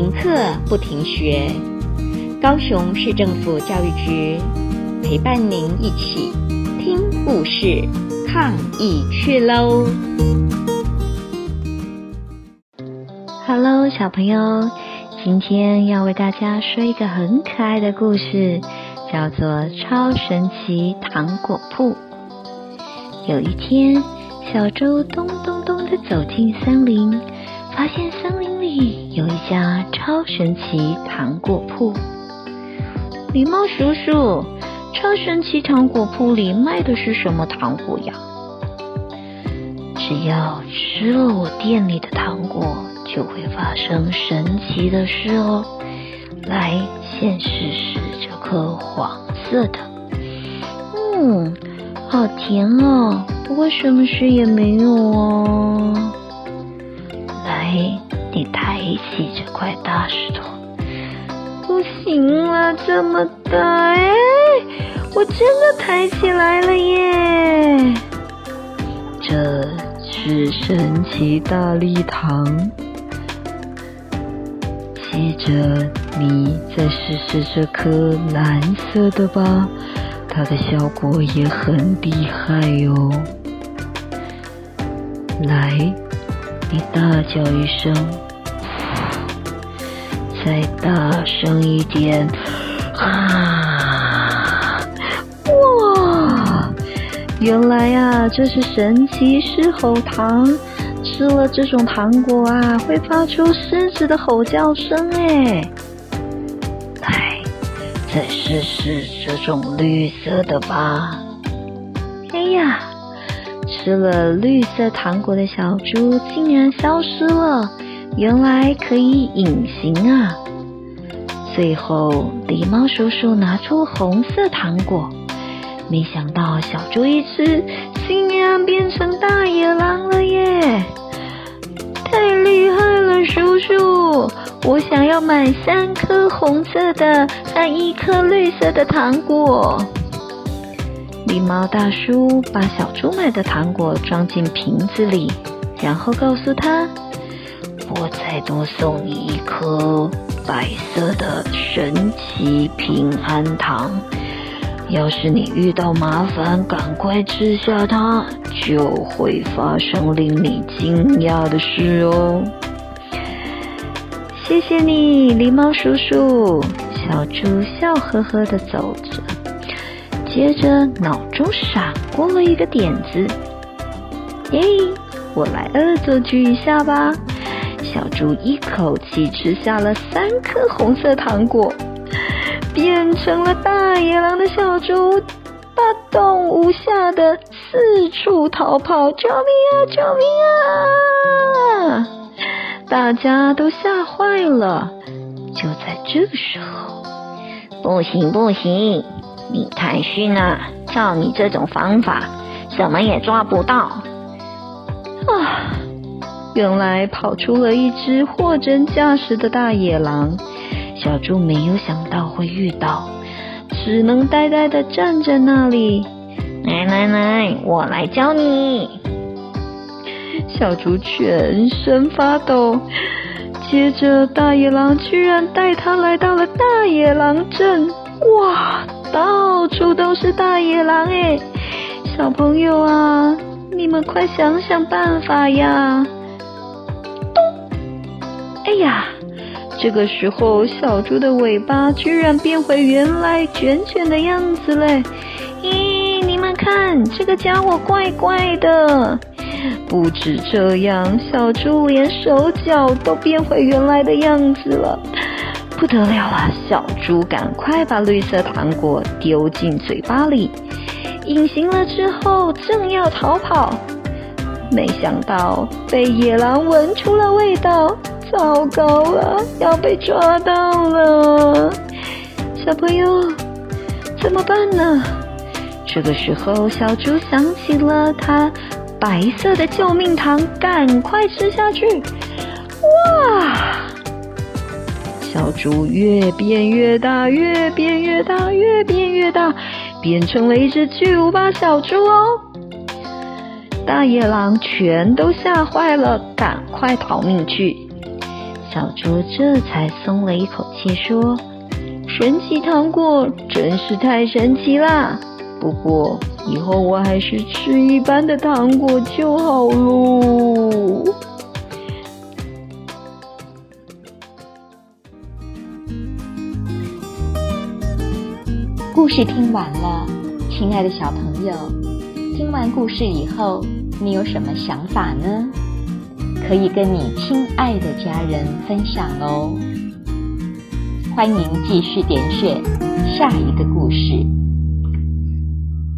停課不停學，高雄市政府教育局陪伴您一起聽故事、抗疫趣嘍！Hello，小朋友，今天要為大家說一個很可愛的故事，叫做《超神奇糖果鋪》。有一天，小豬咚咚咚的走進森林。發現森林裡有一家超神奇糖果鋪，狸貓叔叔，超神奇糖果鋪裡賣的是什麼糖果呀？只要吃了我店裡的糖果，就會發生神奇的事哦。來，先試試這顆黃色的。嗯，好甜哦，不過什麼事也沒有哦。哎，你抬起這塊大石頭，不行了，這麼大！哎，我真的抬起來了耶！這是神奇大力糖。接着，你再試試這顆藍色的吧，它的效果也很厲害喲、哦。來。你大叫一聲，再大聲一點！啊，哇，原來啊，這是神奇獅吼糖，吃了這種糖果啊，會發出獅子的吼叫聲哎！來，再試試這種綠色的吧。哎呀！吃了綠色糖果的小豬竟然消失了，原來可以隱形啊！最後，狸貓叔叔拿出紅色糖果，沒想到小豬一吃，竟然變成大野狼了耶！太厲害了，叔叔！我想要買三顆紅色的和一顆綠色的糖果。狸貓大叔把小豬買的糖果裝進瓶子裡，然後告訴他：“我再多送你一顆白色的神奇平安糖，要是你遇到麻煩，趕快吃下它，就會發生令你驚訝的事哦。”謝謝你，狸貓叔叔。小豬笑呵呵的走着。接着，腦中閃過了一個點子，耶、yeah！我來惡作劇一下吧。小豬一口氣吃下了三顆紅色糖果，變成了大野狼的小豬，把動物嚇得四處逃跑，救命啊！救命啊！大家都嚇壞了。就在這個時候。不行不行，你太遜了！照你這種方法，什麼也抓不到。啊，原來跑出了一隻貨真價實的大野狼，小豬沒有想到會遇到，只能呆呆地站在那裡。來來來，我來教你。小豬全身發抖。接着，大野狼居然帶他來到了大野狼鎮，哇，到處都是大野狼哎！小朋友啊，你們快想想辦法呀！咚，哎呀，這個時候小豬的尾巴居然變回原來捲捲的樣子嘞！咦、哎，你們看，這個傢伙怪怪的。不止這樣，小豬連手腳都變回原來的樣子了，不得了啊！小豬趕快把綠色糖果丟進嘴巴裡，隱形了之後正要逃跑，沒想到被野狼聞出了味道，糟糕了，要被抓到了！小朋友怎麼辦呢？這個時候，小豬想起了他。白色的救命糖，趕快吃下去！哇，小豬越變越大，越變越大，越變越大，變成了一隻巨無霸小豬哦！大野狼全都嚇壞了，趕快逃命去！小豬這才鬆了一口氣，說：“神奇糖果真是太神奇啦！”不過以後我還是吃一般的糖果就好嘍。故事聽完了，親愛的小朋友，聽完故事以後，你有什麼想法呢？可以跟你親愛的家人分享哦。歡迎繼續點選下一個故事。